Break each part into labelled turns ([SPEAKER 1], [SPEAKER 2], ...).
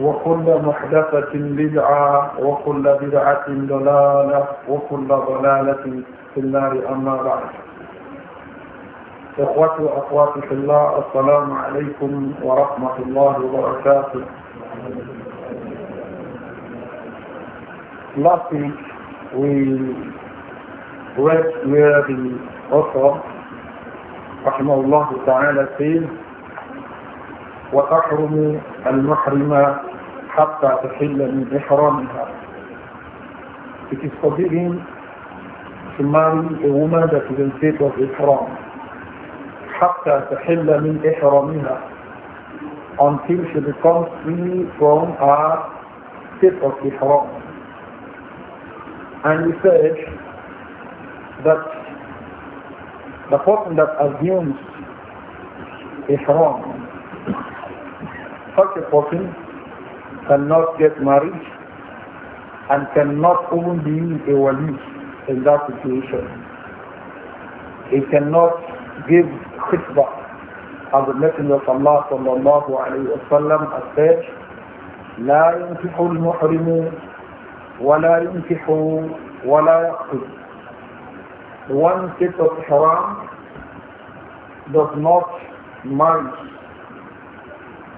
[SPEAKER 1] وكل محدثة بدعة وكل بدعة ضلالة وكل ضلالة في النار أما بعد إخوتي وأخواتي في الله السلام عليكم ورحمة الله وبركاته Last week we read where the author رحمه الله تعالى says وتحرم المحرمة حتى تحل من إحرامها. It is forbidden to marry a woman that is in state of ihram حتى تحل من إحرامها until she becomes free from her state of ihram. And we said that the person that assumes ihram such a person cannot get married and cannot even be a wali in that situation. He cannot give khutbah as the Messenger of Allah sallallahu alayhi wa sallam has said, لا ينكح المحرم ولا ينكح ولا يقتل. one set of haram does not marry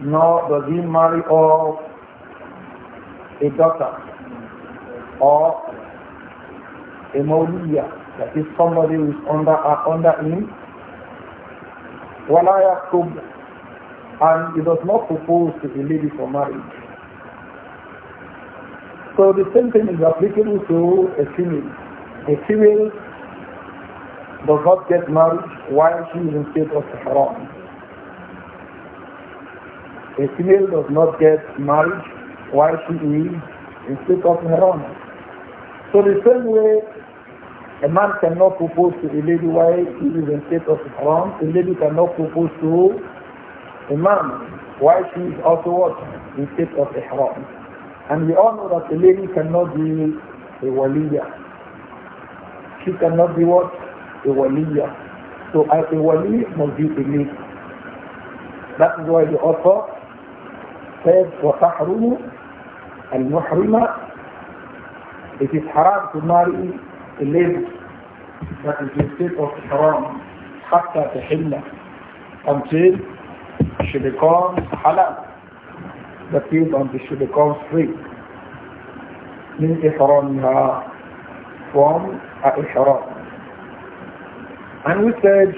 [SPEAKER 1] nor does he marry or a daughter or a mawliya, that is somebody who is under, uh, under him. وَلَا يَكْتُبْ And he does not propose to the lady for marriage. So the same thing is applicable to a female. A female does not get married while she is in state of haram. A female does not get married while she is in state of Haram. So the same way a man cannot propose to a lady while he is in state of Haram, a lady cannot propose to a man while she is also what? In state of Ihram. And we all know that a lady cannot be a waliya. She cannot be what? A waliya. So as a wali must be a lady. That is why the author and وَتَحْرُمُ الْمُحْرِمَ It is haram to marry a lady that is in state of haram حتى تحل until she becomes halal. That is until she becomes free. من إحرامها from إحرام. And we said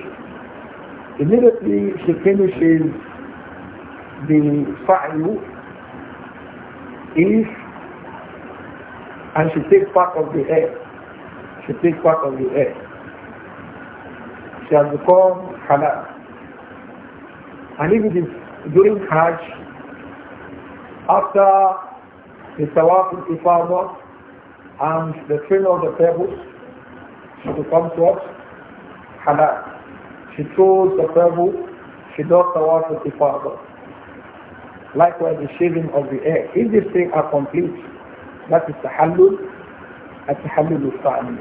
[SPEAKER 1] immediately she finishes the fa'il is, and she takes part of the air. She takes part of the air. She has become halal. And if it is during Hajj, after the Tawaf in Ifadah and the train of the pebbles, she becomes what? Halal. She throws the pebble, she does Tawaf the Ifadah. Likewise, the shaving of the hair. If these things are complete, that is tahallul, at tahallul family.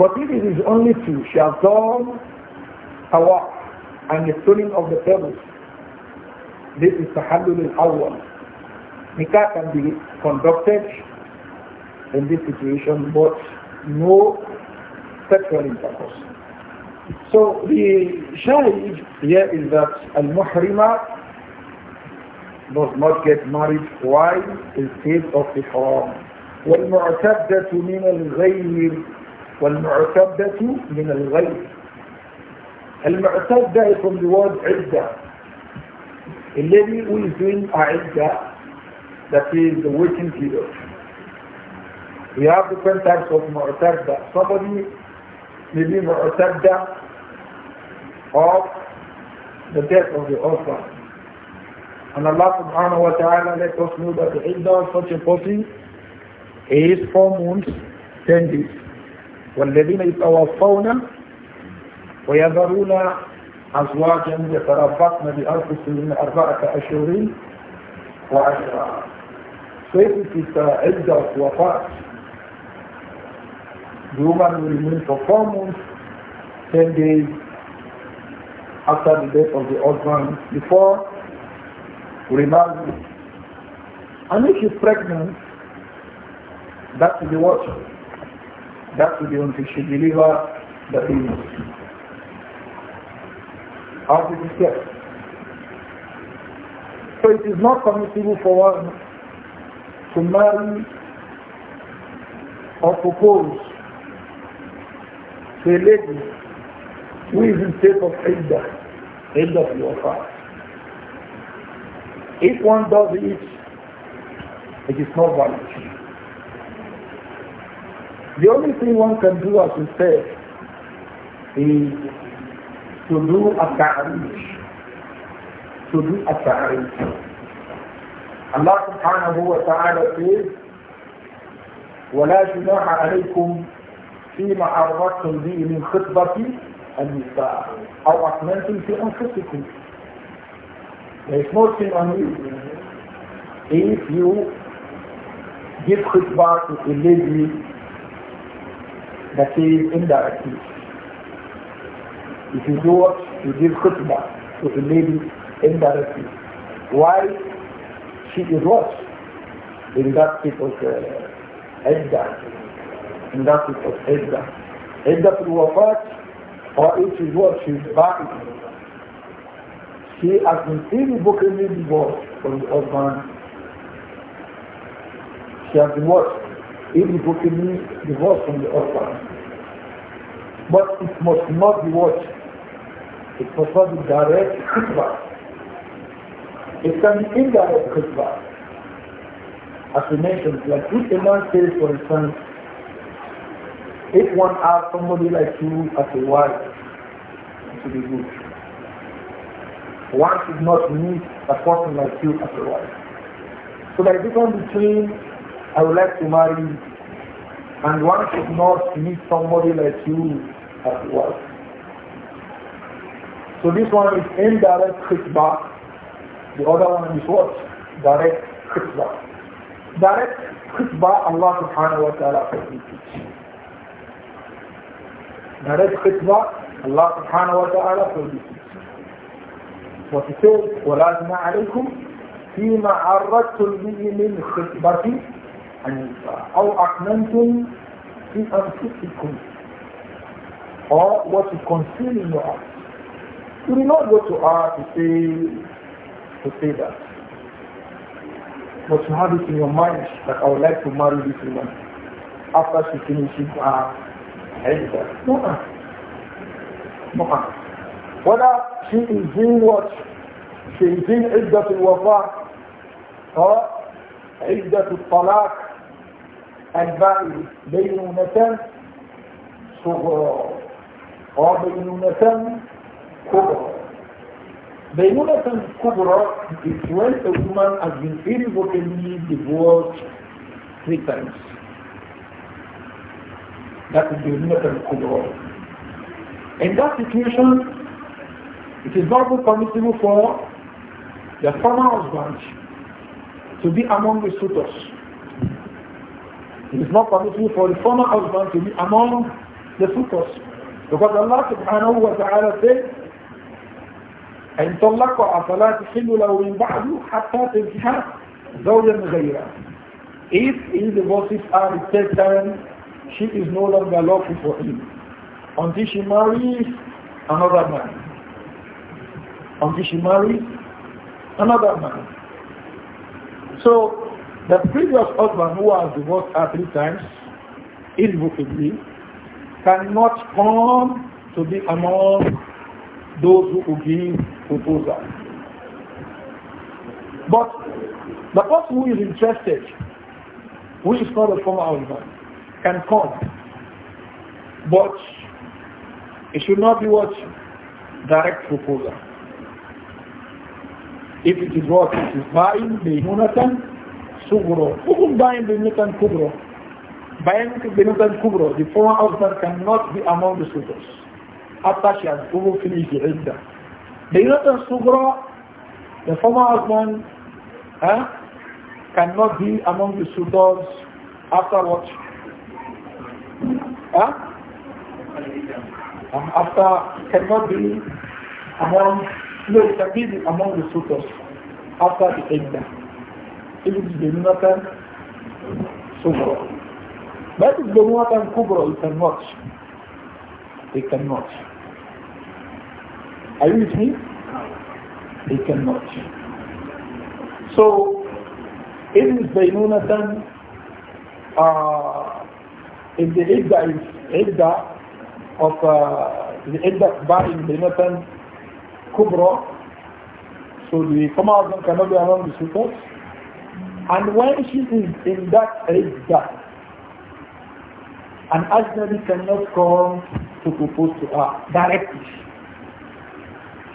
[SPEAKER 1] But if it is only two, shazam, tawaf, and the stoning of the pebbles, this is tahallul al-awwal. Nikah can be conducted in this situation, but no sexual intercourse. So the shahid here is that al-muhrima does not get married. Why? Instead of the haram. والمعتبدة من الغير والمعتبدة من الغير المعتبدة is from the word عدة a lady who is doing a iddah that is the waiting period. We have different types of mu'tadda. Somebody may be mu'tadda of the death of the husband. And Allah subhanahu wa ta'ala let us know that the iddah of such a person is four months, ten days. والذين يتوفون ويذرون أزواجا يتربطن بأنفسهن أربعة أشهر وعشرة. So if it is the iddah of wafat, the woman will remain for four months, ten days after the death of the husband, before remarry. And if she's pregnant, that will be what? That will be until she delivers the baby. How did it get? So it is not permissible for one to marry or propose to a lady who is in state of Iddah, Iddah of your father. If one does it, it is not valid. The only thing one can do, as we said, is to do a ta'arij. To do a ta'arij. Allah subhanahu wa ta'ala says, ولا جناح عليكم في عرضتم به من خطبة النساء أو أكملتم في أنفسكم there is no sin on you. If you give khutbah to a lady that is indirectly, if you do what? You give khutbah to a lady indirectly. Why? She is what? In that people's of Edda. Uh, In that people's of Edda. Edda to wafat, or if she is what? She is ba'id. She has been irrevocably divorced from the husband. She has been what? Irrevocably divorced from the husband. But it must not be what? It must not be direct khutbah. It can be indirect khutbah. As we mentioned, like if a man says, for instance, if one has somebody like you as a wife, it should be good. One should not meet a person like you as a wife. So there is a difference between I would like to marry and one should not meet somebody like you as a wife. So this one is indirect khitbah. The other one is what? Direct khitbah. Direct khitbah Allah subhanahu wa ta'ala forbids Direct khitbah Allah subhanahu wa ta'ala forbids وفتور سير ولازم عليكم فيما عرضتم به من خطبتي أو أكمنتم في أنفسكم or what you conceal in your heart. You do not go to art to say to say that. But you have it in your mind that I would like to marry this woman after she finishes her uh, No, no, no. Whether she is doing what? She is doing iddat al-wafa or iddat al-talaq al-ba'i baynunatan sughra or baynunatan kubra. Baynunatan kubra is when a woman has been irrevocably divorced three times. That is baynunatan kubra. In that situation, it is not permissible for the former husband to be among the suitors. It is not permissible for the former husband to be among the suitors. Because Allah subhanahu wa ta'ala said, إن طلقها فلا تحل له من بعد حتى تنكح زوجا غيره. If he divorces her the third time, she is no longer lawful for him until she marries another man until she marries another man. So the previous husband who has divorced her three times, irrevocably, cannot come to be among those who will give proposal. But the person who is interested, who is not a former husband, can come. But it should not be what direct proposal. If it is what? It is buying Beinunatan Sugro. Who could buy Beinunatan Kubro? Buying Beinunatan Kubro, the former husband cannot be among the suitors. After she has over finished the Idda. Beinunatan Sugro, the former husband huh, eh, cannot be among the suitors after what?
[SPEAKER 2] Huh? Eh?
[SPEAKER 1] after cannot be among no, it appears among the sutras after the exam. If it is the Lunatan Sugra. But if the Lunatan Kubra, you cannot. They cannot. Are you with me? They cannot. So, if it is the Lunatan, uh, if the Idda is Idda of uh, the Idda by Lunatan Kubra, so the former husband cannot be around the suitors. And when she is in that iddah, an ajnabi cannot come to propose to her directly.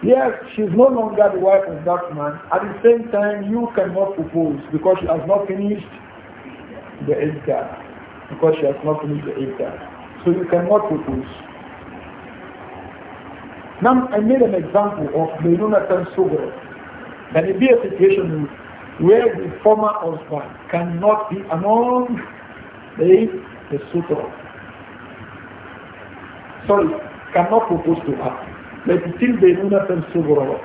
[SPEAKER 1] Yes, is no longer the wife of that man. At the same time, you cannot propose because she has not finished the iddah. Because she has not finished the iddah. So you cannot propose. Now, I made an example of Memunatan Sugra. There may be a situation where the former husband cannot be among the, the sutra. Sorry, cannot propose to her. But it's still Memunatan Sugra.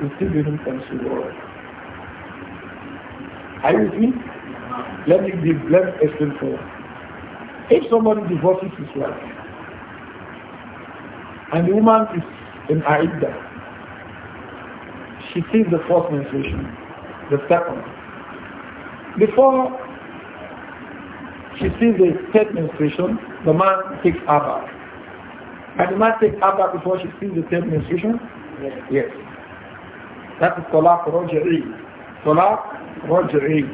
[SPEAKER 1] It's still Memunatan Sugra. Are you with me? Let me give, let me explain for If somebody divorces his wife, and the woman is in Aida. She sees the first menstruation, the second. Before she sees the third menstruation, the man takes abba. And the man takes abba before she sees the third menstruation? Yes. yes. That is salah Raj'i. Salah Raj'i.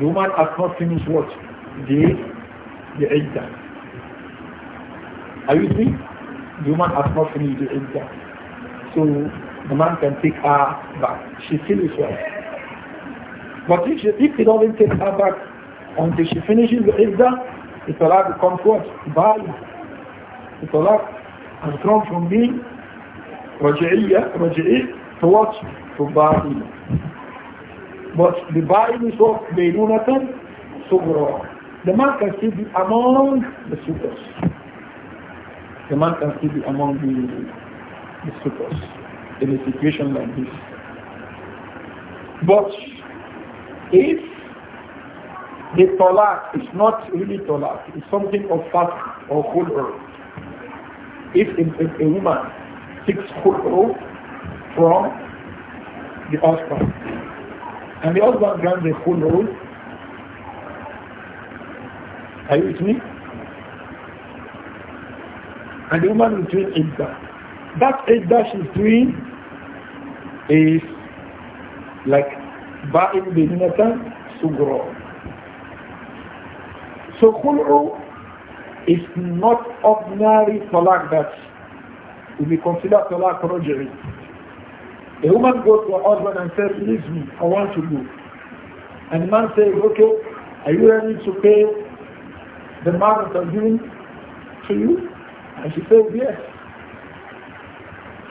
[SPEAKER 1] The woman has not finished what? The, the Iddah. Are you with me? The woman has not finished the So the man can take her back. She still is well. But if, she, if he doesn't take her back until she finishes the iddah, the salah come what? Valid. The salah has gone from being raj'iyya, raj'i, to what? To ba'il. But the ba'il is what? they do Beynunatan So The man can still be among the supers a man can still be among the, the supers in a situation like this. But if the talak is not really talak, it's something of fast or khul'ur. If, if a woman seeks khul'ur from the husband, and the husband grants the khul'ur, are you with me? and the woman is doing idda. That idda she's doing is like ba'in binnatan sugra. So khul'u is not ordinary talaq that will be considered talaq rojari. A woman goes to her husband and says, leave me, I want to go. And the man says, okay, are you ready to pay the amount that i am giving to you? And she says, yes.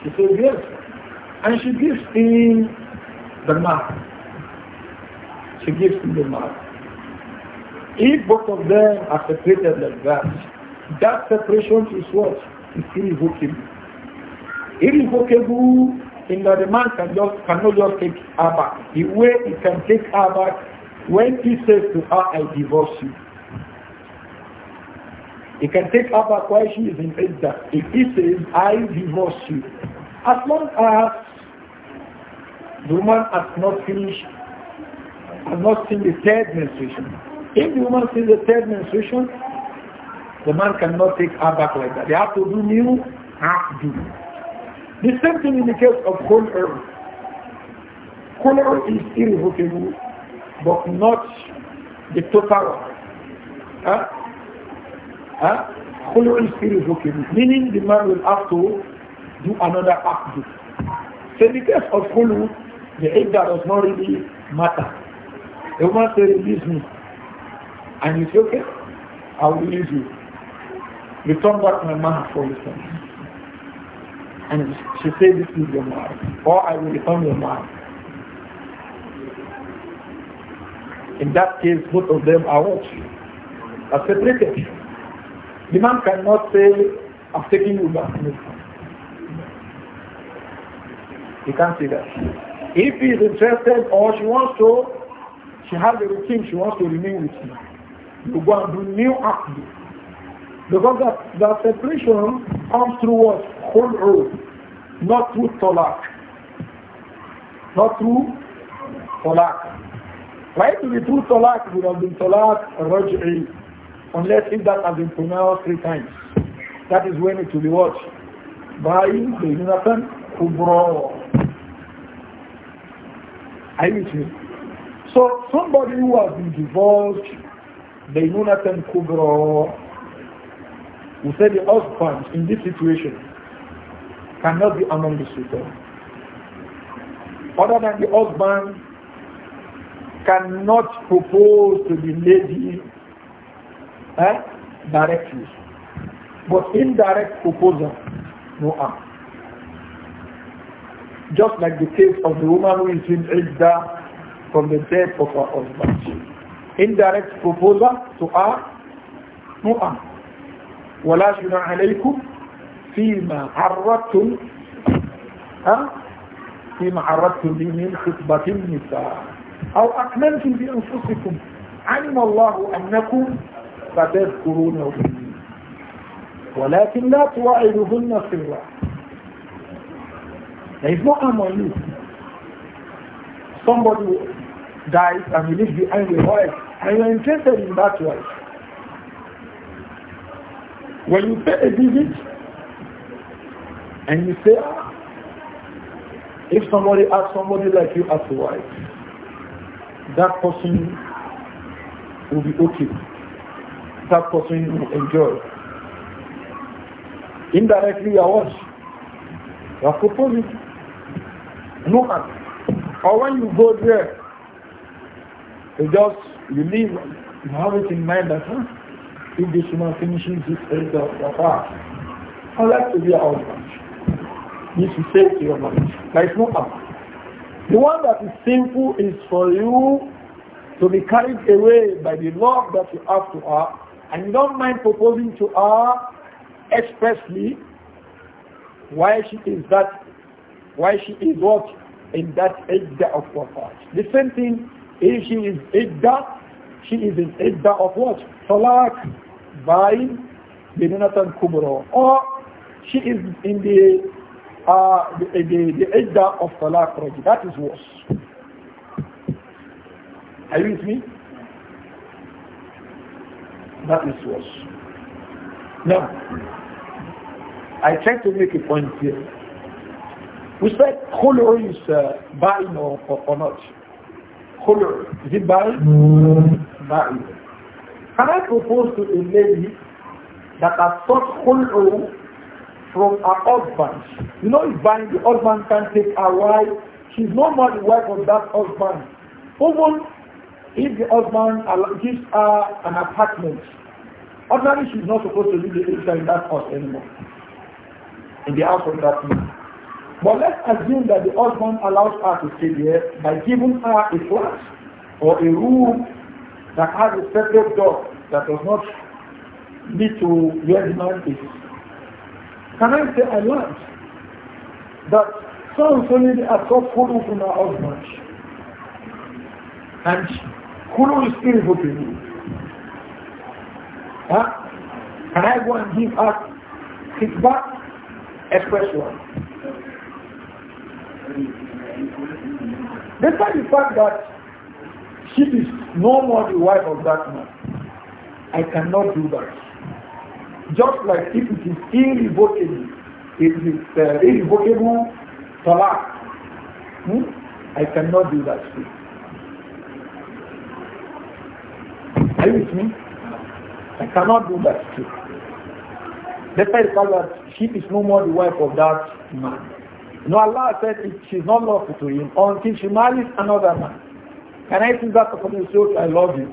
[SPEAKER 1] She says, yes. And she gives him the mark. She gives him the mark. If both of them are separated like that, that separation is what? It's irrevocable. Irrevocable in that the man can just, cannot just take her back. The way he can take her back, when he says to her, I divorce you, he can take up a question. she in Idda. If he says, I divorce you, as long as the woman has not finished, has not seen the third menstruation. If the woman sees the third menstruation, the man cannot take her back like that. They have to do new have to do. The same thing in the case of Cold earth is irrevocable, but not the total. Huh? Khulu al okay? meaning the man will have to do another act. So in the case of Hulu, the that does not really matter. The woman say, release me. And you say, okay, I'll release you. Return back my man for you. And she said, this is your man. Or I will return your man. In that case, both of them are what? Are separated. The man cannot say, I'm taking Uber. He can't say that. If he is interested or she wants to, she has a routine, she wants to remain with him. You go and do new act. Because that, that separation comes through what? Whole road. Not through talak. Not through talak. Right to be through talak would have been talak raj'i. Unless if that has been pronounced three times. That is when it will be watched by the Unatan Kubro. Are you with me? So somebody who has been divorced, the Unatan Kubro, who said the husband in this situation cannot be among the suitors. Other than the husband cannot propose to the lady eh, use, But indirect proposal, no harm. Just like the case of the woman who is in Idda from the death of her husband. Indirect proposal to her, no harm. ولا جنى عليكم فيما عرضتم ها فيما عرضتم به من خطبة النساء أو أكملتم بأنفسكم علم الله أنكم ستذكرونه ولكن لا تواعدهن سرا There is no harm on you. Somebody dies and you leave behind a wife and you interested in that wife. When you pay a visit and you say, ah, if somebody asks somebody like you as a wife, that person will be okay. that person you enjoy. Indirectly, you are what? You are proposing. Or when you go there, you just, you leave, you have it in mind that, huh? if this woman finishes this age of Rafa, I'd like to be a husband. This is safe to your marriage. There is no harm. The one that is sinful is for you to be carried away by the love that you have to her and you don't mind proposing to her expressly why she is that, why she is what? In that idda of wafat. The same thing, if she is idda, she is in idda of what? Talaq by Binunatan Kubra. Or she is in the uh, the, the, the idda of talaq That is worse. Are you with me? That is worse. Now, I try to make a point here. We said Khulu is uh, buying or, or, or not. Khulu, is it buying? Buying. Can I propose to a lady that has sought Khulu from her husband? You know, if buying, the husband can take her wife. She's no more the wife of that husband. Even if the husband gives her an apartment, ordinarily she's not supposed to live the in that house anymore, in the house of that man. But let's assume that the husband allows her to stay there by giving her a flat or a room that has a separate door that does not lead to where the man is. Can I say I learned that some family are so full from our husband and Kulu is irrevocable. Huh? Can I go and give up feedback? Express one. Despite the fact that she is no more the wife of that man, I cannot do that. Just like if it is irrevocable, it is uh, irrevocable talaq. Hmm? I cannot do that. Too. Are you with me?
[SPEAKER 2] I
[SPEAKER 1] cannot do that too. Despite the fact that she is no more the wife of that man. You know, Allah said it, is not lawful to him until she marries another man. Can I think that for you I love you.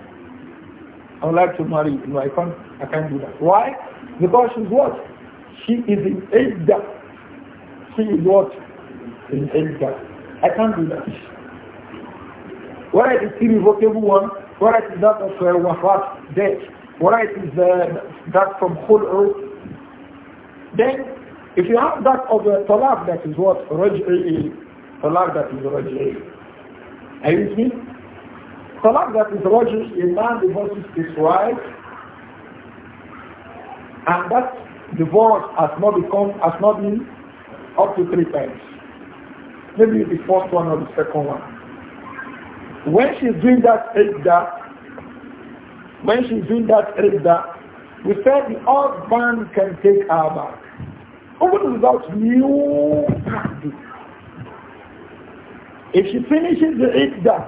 [SPEAKER 1] I would like to marry you. No, I can't, I can't do that. Why? Because she's what? She is in Idda. She is what? In Idda. I can't do that. Where is the irrevocable one? whether it is that of uh, wafat, death, whether it is uh, that from whole earth? then if you have that of uh, talaq, that is what raj'i, talaq that is raj'i. Are you with me? Talaq that is raj'i, a man divorces his wife, and that divorce has not become, has not been up to three times. Maybe the first one or the second one. When she's doing that idda, when she's doing that idda, we said the old man can take her back. Even without new party. If she finishes the idda,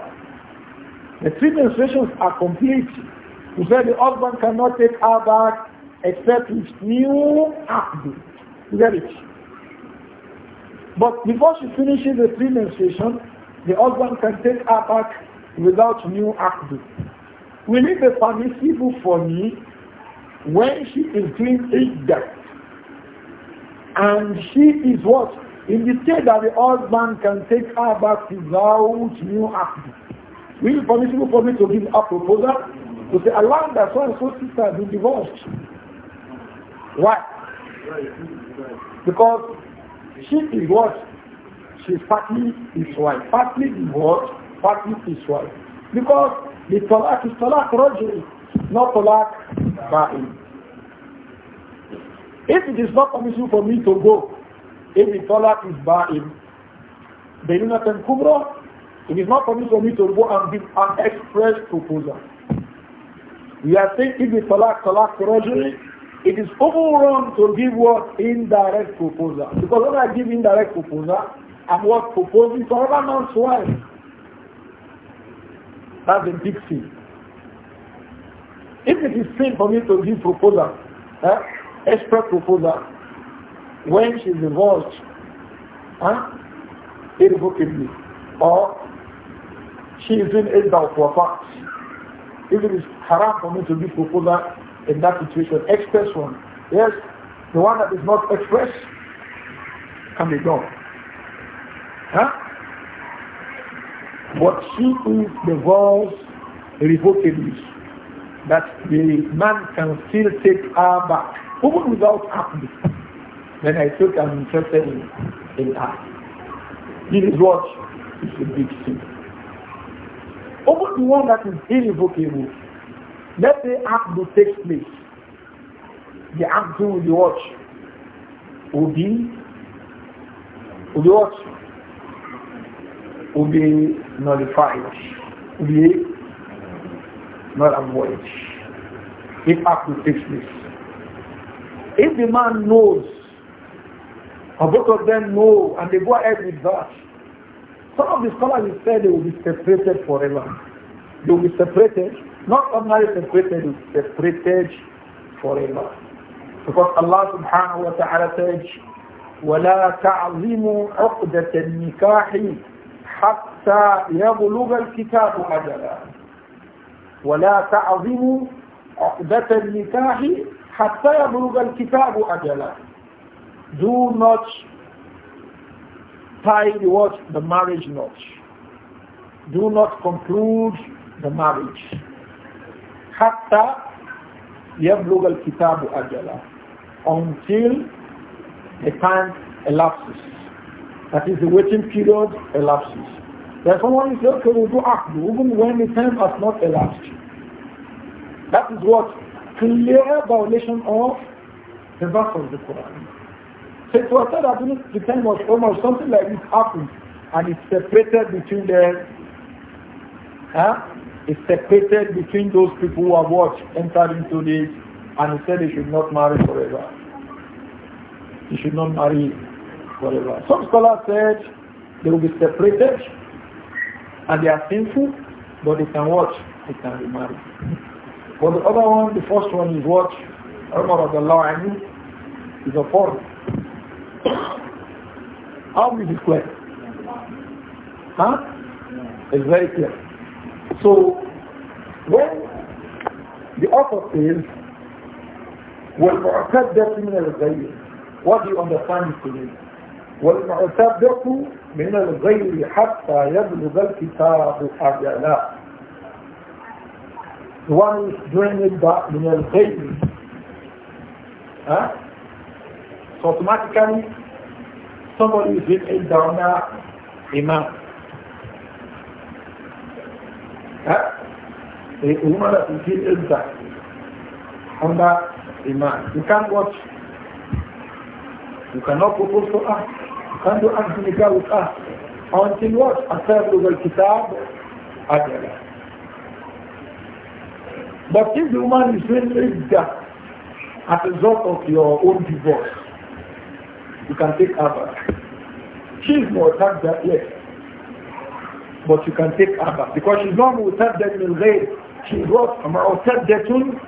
[SPEAKER 1] the three menstruations are complete. We said the husband cannot take her back except with new abdu. You get it? But before she finishes the three menstruations, the husband can take her back without new akdu. Will it be permissible for me when she is doing iddah and she is what? In the state that the husband can take her back without new act. Will it be permissible for me to give a proposal to say, allow that so and so sister has been divorced? Why? Because she is what? she is his wife. is what? partly his wife. Because the talak is talak rajul, not talak ba'in. If it is not permissible for me to go, if the talak is ba'in, then not Kubra, it is not permissible for me to go and give an express proposal. We are saying if the talak talak rajul, it is wrong to give what? Indirect proposal. Because when I give indirect proposal, and what proposing for other man's wife. That's a big thing. If it is sin for me to give proposal, eh, express proposal, when she's divorced, huh, eh, irrevocably, or she is in exile for a fact, if it is haram for me to give proposal in that situation, express one. Yes, the one that is not expressed can be done. Huh? But she is divorced revocably. That the man can still take her back, even without happening. Then I took an am interested in, in her. This is what is a big thing. Even the one that is irrevocable. let the say Abdu take place. The Abdu will be what? Will be, will be what? will be nullified, will be not avoided if action takes this. If the man knows, or both of them know, and they go ahead with that, some of the scholars will say they will be separated forever. They will be separated, not ordinarily separated, they separated forever. Because Allah subhanahu wa ta'ala says, وَلَا تَعْظِمُوا عُقْدَةَ النِّكَاحِ حتى يبلغ الكتاب أجلا ولا تعظموا عقدة النكاح حتى يبلغ الكتاب أجلا Do not tie the what? The marriage knot. Do not conclude the marriage. حتى يبلغ الكتاب أجلا until the time elapses. That is the waiting period elapses. Then someone is okay, we'll do act even when the time has not elapsed. That is what? Clear violation of the verse of the Quran. So it was said that the time was almost something like this happened and it's separated between the huh? It's separated between those people who have watched entered into this and he said they should not marry forever. He should not marry whatever. Some scholars said they will be separated and they are sinful, but they can watch, they can be married. But the other one, the first one is what? Umar I mean, is a foreigner. How is it clear? Huh? It's very clear. So, when the author says, وَالْمُعْتَدَّةِ مِنَ الْغَيْرِ What do you understand is to mean? والمعتبر من الغير حتى يبلغ الكتاب أجله The one is doing it but من الغير huh? So automatically somebody is doing it down imam huh? A woman that is doing it down under imam You can't watch You cannot propose to us can't do anything nikah with us. Until what? Until the kitab ajala. But if the woman is doing idda as a result of your own divorce, you can take her She is mu'tadda, yes. But you can take her because because she's not mu'tadda min ghayr. She was mu'taddatun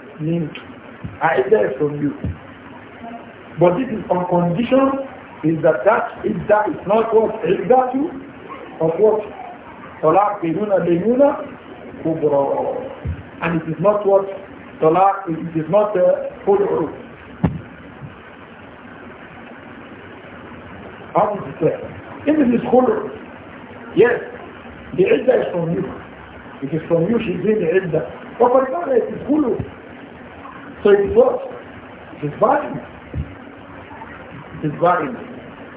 [SPEAKER 1] I a'ida from you. But this is on condition is that that idda is not what iddatu of what talaq binuna binuna kubra and it is not what talaq it is not the full uruf how is it clear if it is full yes the idda is from you it is from you she is doing the idda but for example it is full so it is what it is valid it is valid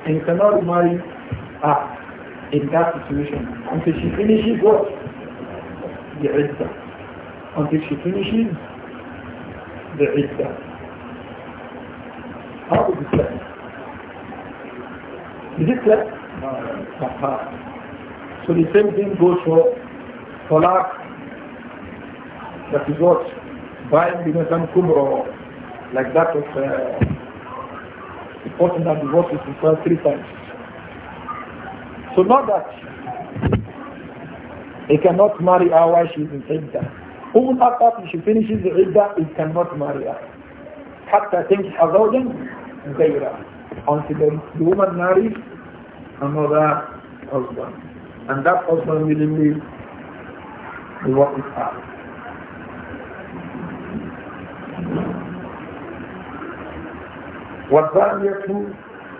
[SPEAKER 1] and you cannot marry her in that situation until she finishes
[SPEAKER 2] what? The Iddah.
[SPEAKER 1] Until she finishes the Iddah. How is it clear? Is it clear? No. So the same thing goes for Talaq that is what? Buying the kumro like that of uh, Important that the wife is required three times. So not that he cannot marry her while she is in idda. Even after she finishes the idda, he cannot marry her. حتى تنكح زوجا غيره until the woman marries another husband. And that husband will leave the work والزانية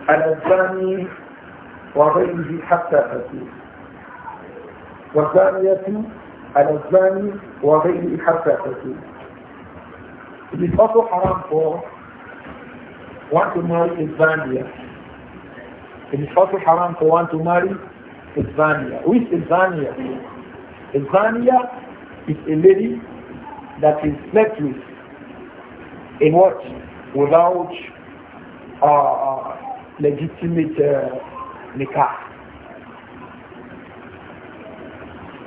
[SPEAKER 1] على الزاني وغيره حتى تتوب والزانية على الزاني وغيره حتى تتوب It is also haram for one to marry a zania. It is also haram for one to marry a zania. Who is a zania? A zania is a lady that is slept with a watch Without uh, legitimate uh, eh, nikah.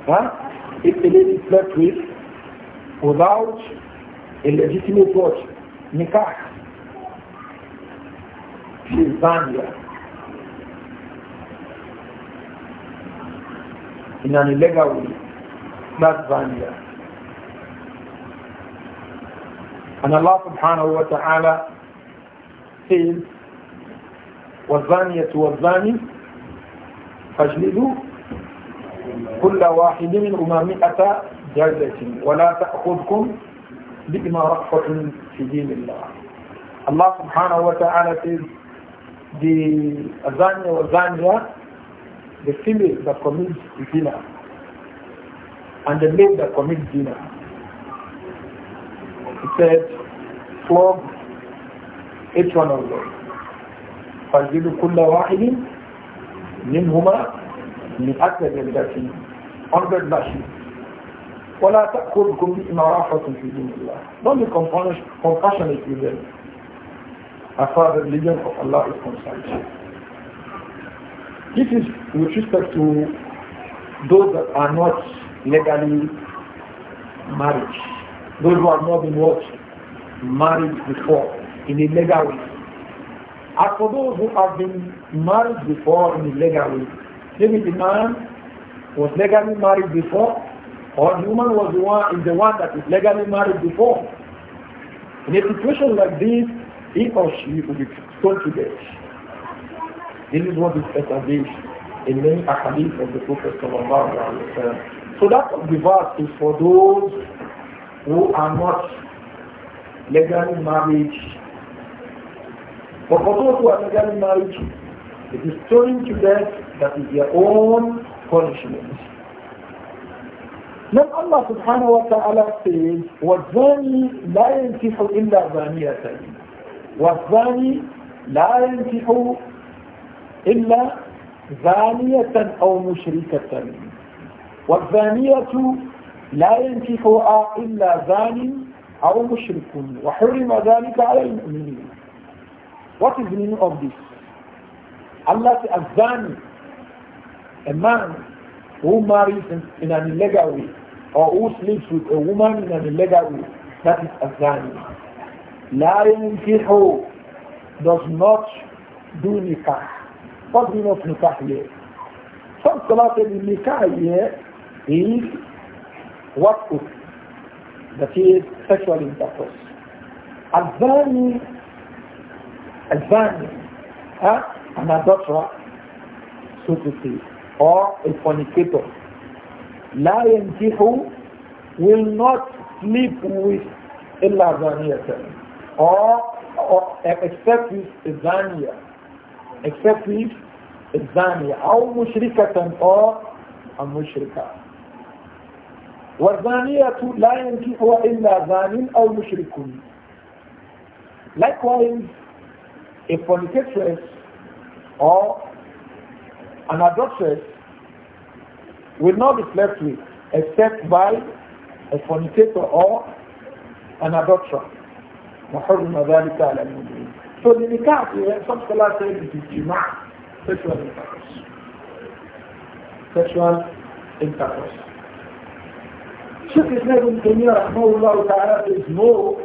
[SPEAKER 1] Huh? If a lady slept with without a legitimate what? Nikah. She is banned here. In an illegal way. That's banned here. And Allah subhanahu wa ta'ala saying, والزانية والزاني فاجلدوا كل واحد منهما مئة جلدة ولا تأخذكم بما رأفة في دين الله Allah subhanahu wa ta'ala the azania the female that commits zina and the male that commits zina he said flog each one of them. فَالْجِدُ كُلَّ وَاحِدٍ مِنْهُمَا مِنْ أَكْلَ الْجَسِينَ 100 lashes. وَلَا تَأْكُلْكُمْ بِإِمَرَافَةٌ فِي دِينِ اللَّهِ Don't be compassionate with them as far as the religion of Allah is concerned. This is with respect to those that are not legally married, those who have not been what? Married before in a legal way. As for those who have been married before in a legal way, maybe the man was legally married before, or the woman was the one is the one that is legally married before. In a situation like this, he or she will be considered. to death. This is what is established in many hadith of the Prophet of Alaihi Wasallam. So that of the verse is for those who are not legally married وخطوة مجال marriage it is turning to death that is their own punishment. Then Allah subhanahu wa ta'ala says, وَالزَّانِي لَا يَنْكِحُ إِلَّا زَانِيَةً وَالزَّانِي لَا يَنْكِحُ إِلَّا زَانِيَةً أَوْ مُشْرِكَةً وَالزَّانِيَةُ لَا يَنْكِحُ إِلَّا زَانٍ أَوْ مُشْرِكٌ وَحُرِمَ ذَلِكَ عَلَى الْمُؤْمِنِينَ What is the meaning of this? Allah says, Azani, a man who marries in, in, an illegal way, or who sleeps with a woman in an illegal way, that is Azani. La yankihu does not do nikah. What do you know nikah here? Some scholars say nikah here is what that is sexual intercourse. Azani الفاني انا بقرا صوتي او الفونيكيتو لا ينجح will not sleep with الا زانيه او except with زانيه except with زانيه او مشركه او المشركه والزانية لا ينجح إلا زان أو مشرك likewise a fornicatress or an adulteress will not be slept with except by a fornicator or an adulterer. So the nikah, some scholars say it is jima, sexual intercourse. Sexual intercourse. Sheikh Islam ibn Taymiyyah rahmahullah ta'ala says no,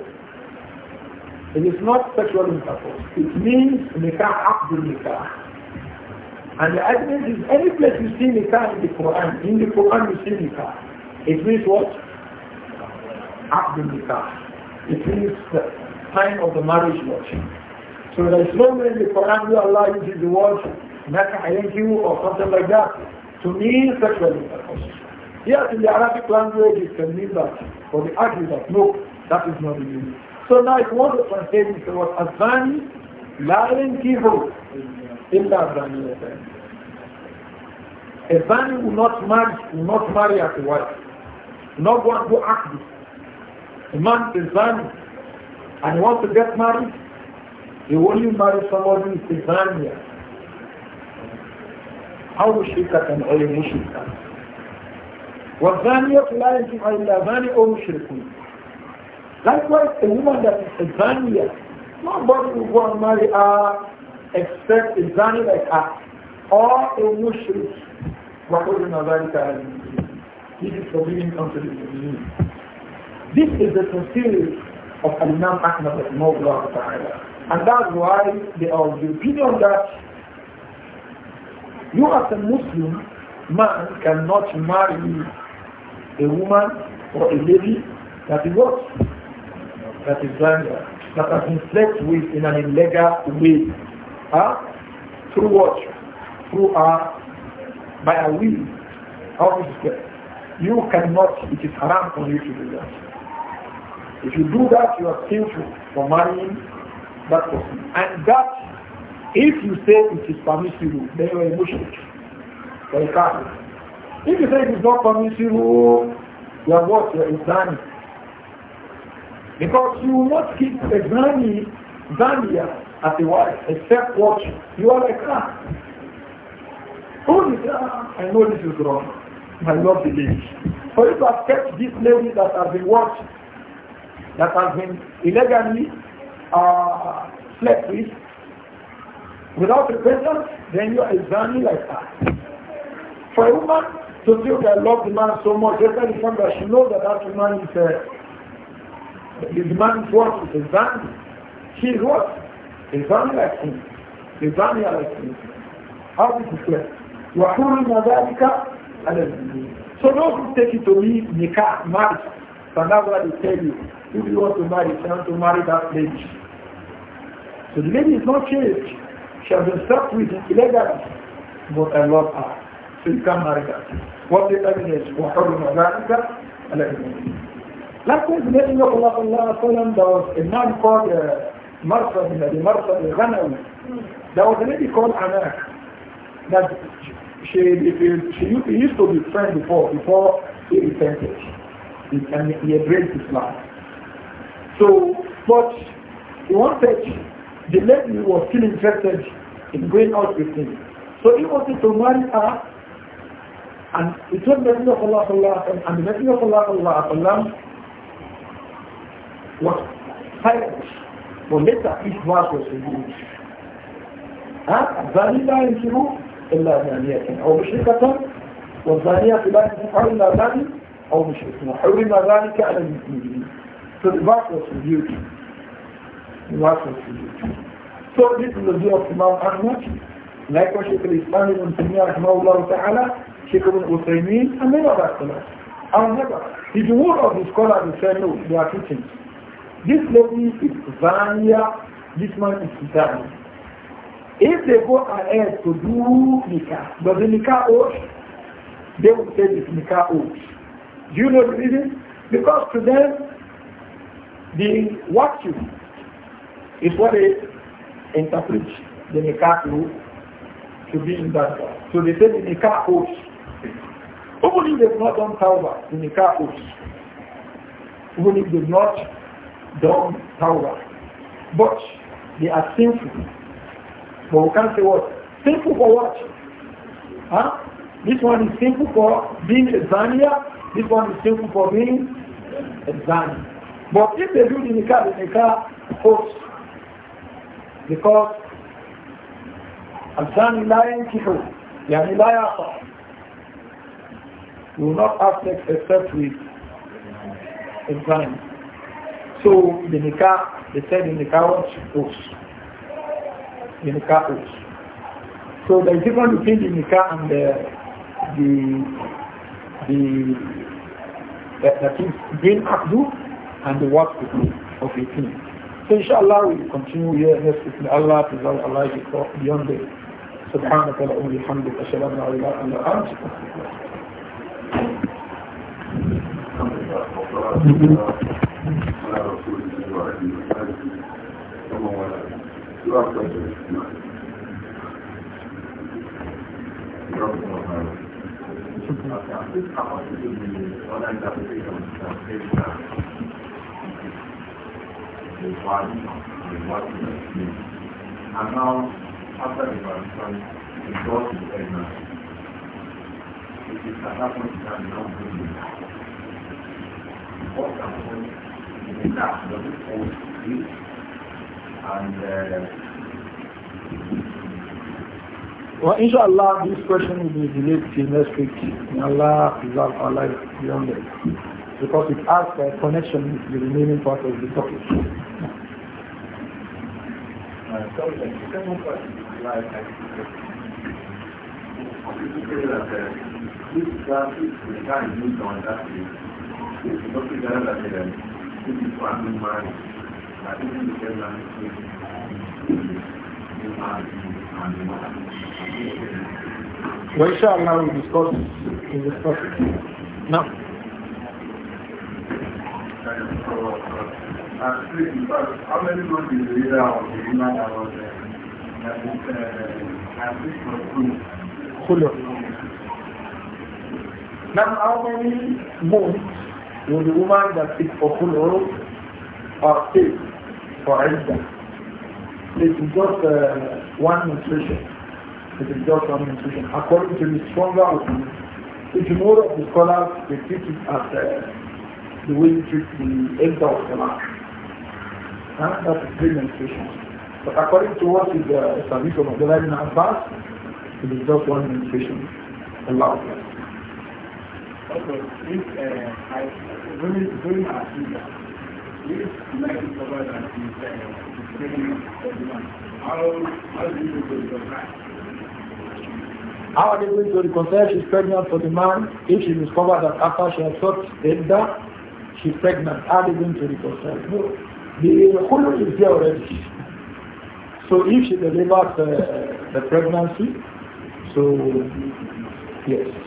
[SPEAKER 1] it is not sexual intercourse. It means nikah after nikah. And the evidence is any place you see nikah in the Quran, in the Quran you see nikah. It means what? After nikah. It means the time of the marriage watch. So there is no way in the Quran where Allah uses the word nakah or something like that to mean sexual intercourse. Yes, in the Arabic language it can mean that, but the argument no, that is not the meaning. So now if you want to translate it to what Azani, La Yenkihu, Illa Azani. Azani will not marry, will not marry as a wife. Not go and do A man is Zani and wants to get married, he only marry somebody who is Zania. أو مشركة أو مشركة والزانية لا يجمع إلا زاني أو مشركون Likewise, a woman that is a Zania, nobody will go and marry her except a Zania like her, or a Mushrik. وَقُلْنَا in America, This is forbidden country. the Muslims. This is the concealed of Imam Ahmad of Mawla Ta'ala. And that's why they are the opinion that you as a Muslim man cannot marry a woman or a lady that is what that is done that has been slept with in an illegal way. Huh? Through what? Through our uh, by a will. How is it? You cannot, it is haram for you to do that. If you do that, you are sinful for marrying that person. And that, if you say it is permissible, then you are emotional. You are a If you say it is not permissible, you are what? You are Islamic. Because you will not keep a granny, granny as a wife, except what you are like that. Oh, that? I know this is wrong. I love the lady. For you to have kept this lady that has been watched, that has been illegally uh, slept with, without repentance, then you are exactly like that. For a woman to feel that I love the man so much, just like that she knows that that woman is uh, his man what? His family. She is what? His family like him. His family like him. How this is are وحرم ذلك على المؤمنين. So those who take it to me, nikah, marriage, Now I why they tell you, if you want to marry, you want to marry that lady. So the lady is not changed. She has been stuck with illegality. But I love her. So you can't marry that. What the evidence for her in America? Likewise, the lady of Allah there was a man called uh, Marfa, the Marfa Ghanawi. There was a lady called Anak that she, she used to be friends before, before he repented. He, and he embraced Islam. So, but he wanted, the lady was still interested in going out with him. So he wanted to marry her and he told the Messenger of Allah and the Messenger of Allah silent. But later each verse was revealed. الزاني لا ينكح إلا زانية أو مشركة والزانية لا ينكح إلا زاني أو مشرك وحرم ذلك على المؤمنين. So the verse was revealed. The verse was revealed. So this is the view of Imam Ahmad. Likewise, Sheikh al-Islam ibn Taymiyyah rahmahullah ta'ala, Sheikh ibn Uthaymeen, and many other scholars. However, the word of the scholars is saying, no, they are two this lady is Vanya, this man is Zani. If they go ahead to do Nikah, but the Nikah oath? They will say it's Nikah oath. Do you know the reason? Because to them, the watching you is what they interpret the Nikah to, to be in that. So they say the Nikah oath. Even they've not done Tawbah, the Nikah oath. Even if they've not done power, But they are sinful. But we can't say what? Sinful for what? Huh? This one is sinful for being a Zania. This one is sinful for being a Zania. But if they do the Nikah, the Nikah course, Because الزاني لا ينكح يعني لا يعصى will not have sex except with a so the nikah, they said the nikah was oath. The nikah oath. So there is difference between the nikah and the the the that, that is being abdu and the work of the team. So inshallah we continue here next week. May Allah preserve Allah beyond the سبحانك اللهم وبحمدك اشهد ان لا اله الا انت And now,
[SPEAKER 2] after the transition, it goes to the end. It is an opportunity to now bring and
[SPEAKER 1] well, inshallah, this question will be delayed till next week. May Allah preserve our life beyond it. Because it has a connection with the remaining part of the topic.
[SPEAKER 2] Uh, so, Well,
[SPEAKER 1] inshallah, we discuss in this topic. No.
[SPEAKER 2] How many months is the leader of the Iman that was that is uh, Now, how many
[SPEAKER 1] months with the woman that is for full oil are safe for instance. It is just uh, one nutrition. It is just one nutrition. According to the stronger opinion, the more of the scholars, they treat it as uh, the way you treat the elder of the man, And that is three nutrition. But according to what is the service of the Abdullah ibn it is just one menstruation allowed.
[SPEAKER 2] Okay, if uh, I, during, during our if like the that that is uh, training how, how do you
[SPEAKER 1] how are they going to reconcile she's pregnant for the man if she discovers that after she has sought Edda, she's pregnant? How are they going to reconcile? No, the Hulu is there already. So if she delivers uh, the pregnancy,
[SPEAKER 2] so yes.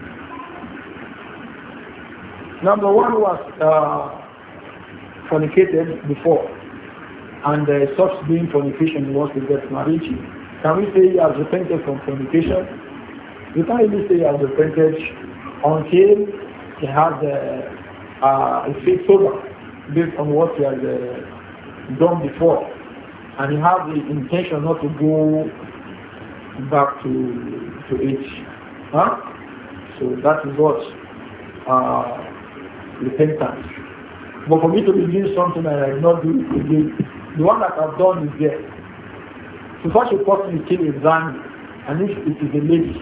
[SPEAKER 1] Number one was uh, fornicated before and uh, stops being fornication once he gets married, can we say he has repented from fornication? We can't even say he has repented until he has uh, uh, a faith sober based on what he has uh, done before. And he has the intention not to go back to, to it. Huh? So that is what uh, repentance. But for me to be doing something that I did not do again, the one that I've done is there. So such a person is still a Zani, and if it is a lady,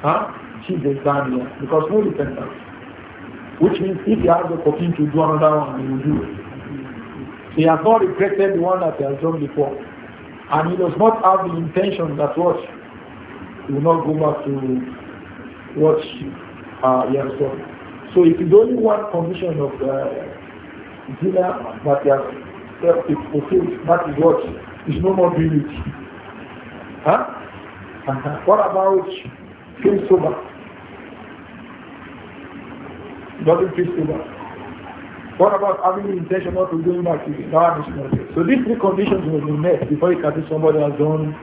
[SPEAKER 1] huh? she's a Zani, because no repentance. Which means if he has the opportunity to do another one, he will do it. he has not regretted the one that he has done before. And he does not have the intention that what he will not go back to what uh, he has done. So if it's only one condition of uh, dinner that they have self it fulfilled, that is what is no more doing Huh? uh What about feel sober? Doesn't feel sober. What about having the intention not to do it activity? That is not So these three conditions will be met before you can do somebody has done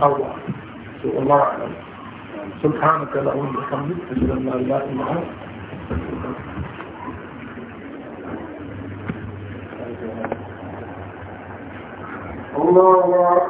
[SPEAKER 1] Allah. So
[SPEAKER 2] Allah. سبحانك اللهم وبحمدك اشهد ان لا اله الا انت الله